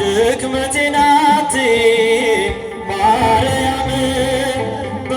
ድክመቴ ማርያም ማርያም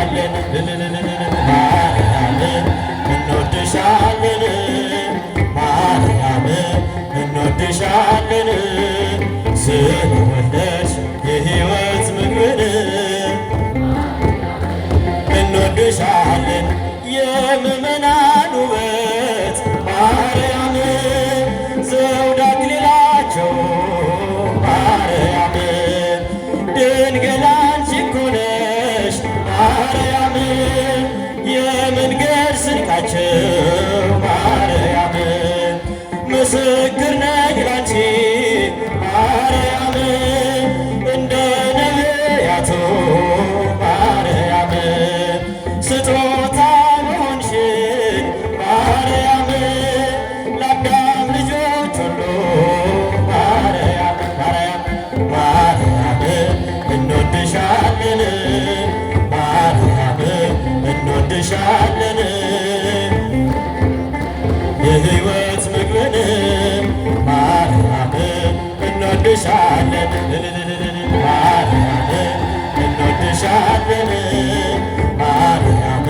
ಮಾಡ እንሻለን የህይወት ምግብን ማርያም እንወድሻለን ማርያም እንወድሻለን ማርያም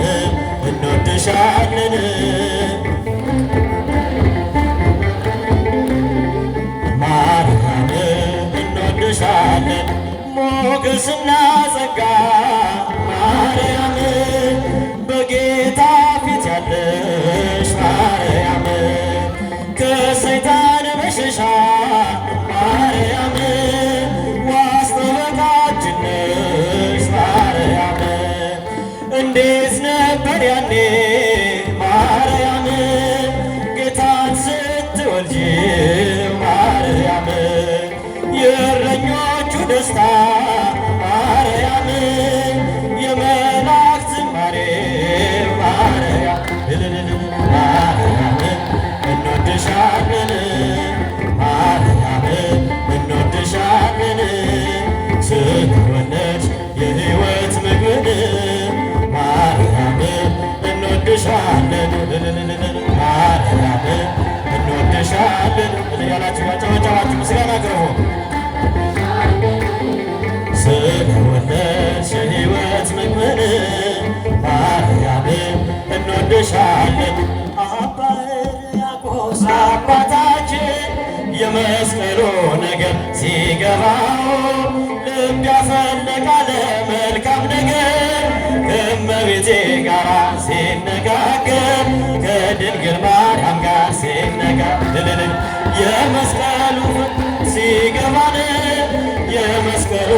እንወድሻለን ማርያም እንወድሻለን ሞገስና ጸጋ የእረኞቹ ደስታ ማርያም የመላእክት ዝማሬ ማርያም እንወድሻለን ማርያም እንወድሻለን ስለወለድሽ የሕይወት ምግብ ማርያም እንወድሻለን ማርያም እንወድሻለን እያላችሁ ያጨበጨባችሁ ምስጋና አቅርቡ። ከእመቤቴ ጋር ሲነጋገር ከድንግል ማርያም ጋር ሲነጋገር የመስቀሉ ሲገባን የመስቀሉ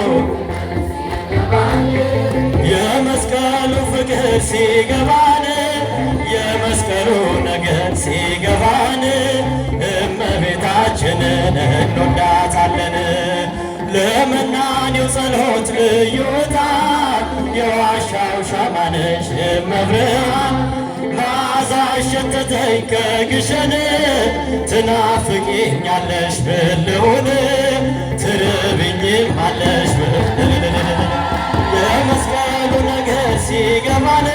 የመስቀሉ ፍቅር ሲገባን የመስቀሉ ነገር ሲገባን እመቤታችንን እንወዳታለን። ለመናኔው ጸሎት ልዩታ የዋሻው ሻማነሽ መብርሃን ማዛሽ ሸተተኝ ከግሸን ትናፍቂኛለሽ ብልሆን ትርብኝም አለሽ የመስቀሉ ነገር ሲገባን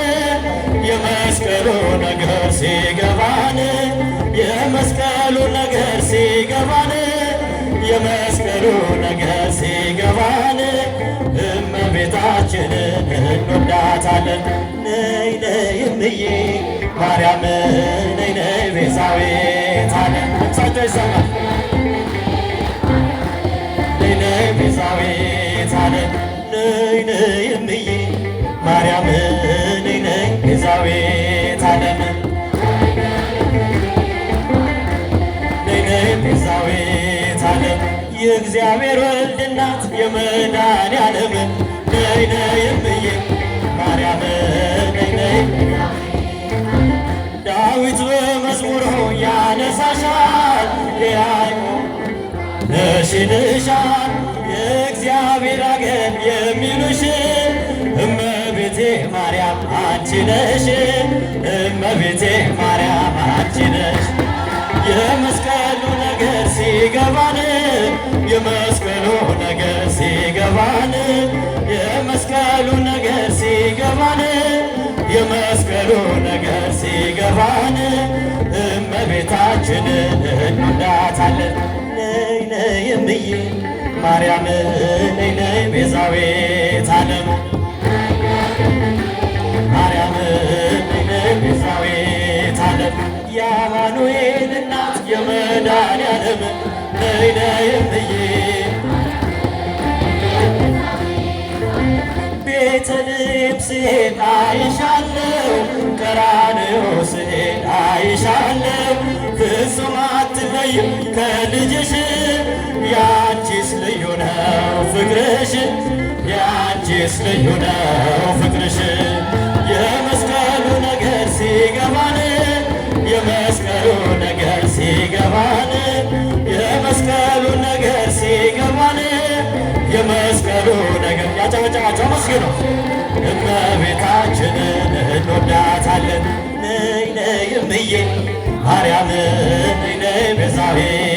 የመስቀሉ ነገር ሲገባን የመስቀሉ ነገር ሲገባን የመስቀሉ ነገር እንላታለን። ነይ ነይ እምዬ ማርያም ነይ ነይ ቤዛዊት አለን። ድምፃቸው ይሰማል። ነይ ነይ ነይ ነይ እምዬ ማርያም ነይ ነይ ነይ ነይ የእግዚአብሔር ወልድ እናት ነይ ነይ እምዬ ማርያም ዳዊት በመዝሙሩ ያነሳሻል እሽልሻል የእግዚአብሔር አገር የሚሉሽ እመቤቴ ማርያም አንቺ ነሽ። እመቤቴ ማርያም አንቺ ነሽ። የመስቀሉ ነገር ሲገባን የመስቀሉ ነገር ሲገባን የመስቀሉ የመስቀሉ ነገር ሲገባን እመቤታችንን እንወዳታለን። ነይ ነይ እምዬ ማርያም ነይ ነይ ቤዛዊት ዓለም ማርያም ነይ ነይ ዓለም የአማኑኤል እናት የመድኃኔዓለም ነይ ነይ እምዬ ቤተልሔም አይሻ ቀራንዮ ስሄድ አይሻለሁ ፍጹም አትለይም ከልጅሽ ያንቺስ ልዩ ነው ፍቅርሽ ያንቺስ ልዩ ነው ፍቅርሽ የመስቀሉ ነገር ሲገባን የመስቀሉ ነገር ሲገባን የመስቀሉ ነገር ሲገባን የመስቀሉ ነገር ያጨበጨባቸው መስኪ ነው እመቤት ብዬ ማርያም ነይ ቤዛዬ